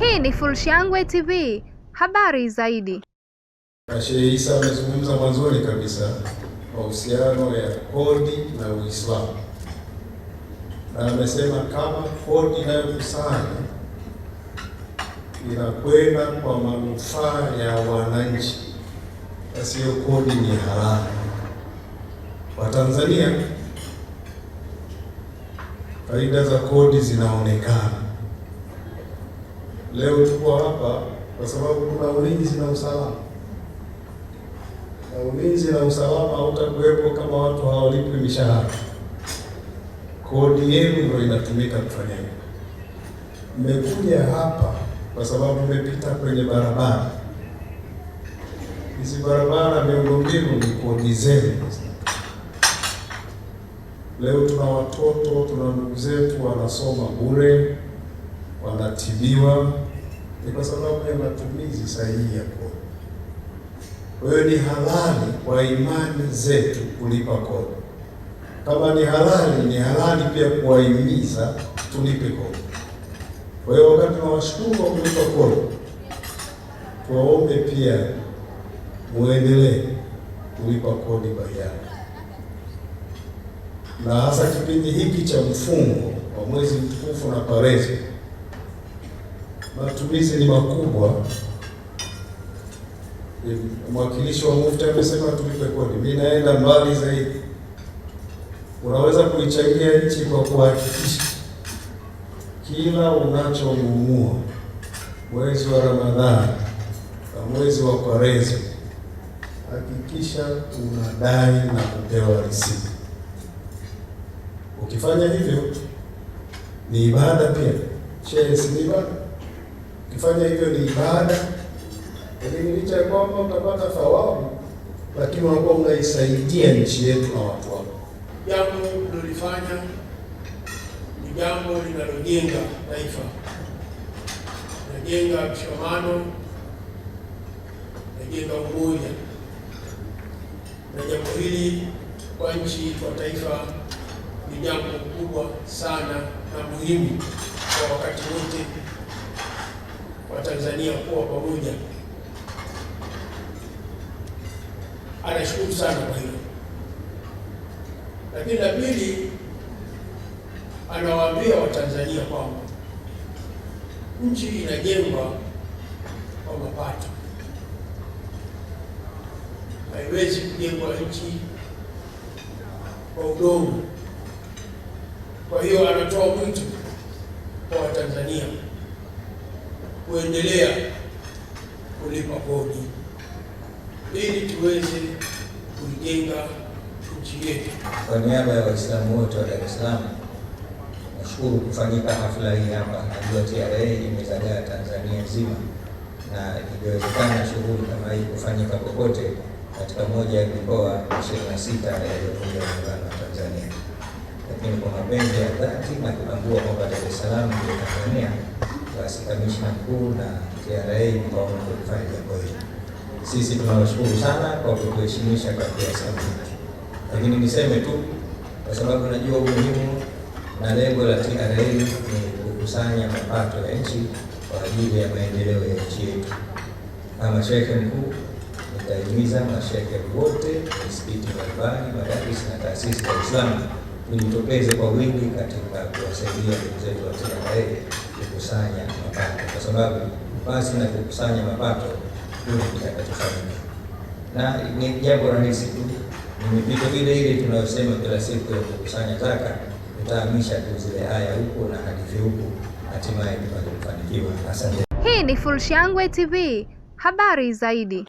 Hii ni Fullshangwe TV, habari zaidi. Sheikh Isa amezungumza mwanzoni kabisa mahusiano ya kodi na Uislamu, na amesema kama kodi inayokusanya inakwenda kwa manufaa ya wananchi, asiyo kodi ni haramu. Watanzania, faida za kodi zinaonekana Leo tuko hapa kwa sababu kuna ulinzi na usalama, na ulinzi na usalama hautakuwepo kama watu hawalipwi mishahara. Kodi yenu ndio inatumika kufanya hivyo. Mmekuja hapa kwa sababu mmepita kwenye barabara hizi, barabara miundombinu ni kodi zenu. Leo tuna watoto, tuna ndugu zetu wanasoma bure wanatibiwa ni kwa sababu ya matumizi sahihi ya kodi. Kwa hiyo ni halali kwa imani zetu kulipa kodi. Kama ni halali, ni halali pia kuwahimiza tulipe kodi. Kwa hiyo wakati tunawashukuru wa kulipa kodi, tuwaombe pia muendelee kulipa kodi bayana na hasa kipindi hiki cha mfungo wa mwezi mtukufu na parezi matumizi ni makubwa. Mwakilishi wa Mufti amesema tulipe kodi, mi naenda mbali zaidi. Unaweza kuichangia nchi kwa kuhakikisha kila unachonunua mwezi wa Ramadhani na mwezi wa Kwareza, hakikisha unadai na kupewa risiti. Ukifanya hivyo ni ibada pia. Shehe si ibada? Kufanya hivyo ni ibada, lakini licha ya kwamba utapata thawabu, lakini unakuwa unaisaidia nchi yetu na watu wako. Jambo mlilofanya ni jambo linalojenga taifa, linajenga mshikamano, linajenga umoja, na jambo hili kwa nchi, kwa taifa ni jambo kubwa sana na muhimu kwa wakati wote. Watanzania kuwa pamoja. Anashukuru sana kwa hilo, lakini la pili, anawaambia Watanzania kwamba nchi inajengwa kwa mapato, haiwezi kujengwa nchi kwa udongo. Kwa hiyo anatoa mwito kwa Watanzania kuendelea kulipa kodi ili tuweze kuijenga nchi yetu. Kwa niaba ya Waislamu wote wa Dar es Salaam, nashukuru kufanyika hafla hii hapa. Najua TRA imezagaa Tanzania nzima, na ikiwezekana shughuli kama hii kufanyika popote katika moja ya mikoa 26 ya Jamhuri ya Muungano wa Tanzania, lakini kwa mapenzi ya dhati na kutambua kwamba Dar es Salaam ndio Tanzania basi kamishna mkuu na TRA mkaona kulifanya jambo Sisi tunawashukuru sana kwa kutuheshimisha katika sabiki, lakini niseme tu kwa sababu najua umuhimu na lengo la TRA ni kukusanya mapato ya nchi kwa ajili ya maendeleo ya nchi yetu. Kama shekhe mkuu, nitahimiza mashehe wote, misikiti mbalimbali, madaris na taasisi za Uislamu kujitokeze kwa wingi katika kuwasaidia ndugu zetu wa TRA kukusanya mapato, kwa sababu basi na kukusanya mapato ndio kitakachofanyika, na ni jambo rahisi tu, ni mipito ile ile tunayosema kila siku ya kukusanya taka, tutahamisha tu zile haya huku na hadithi huku, hatimaye tupate kufanikiwa. Asante. Hii ni Fullshangwe TV, habari zaidi.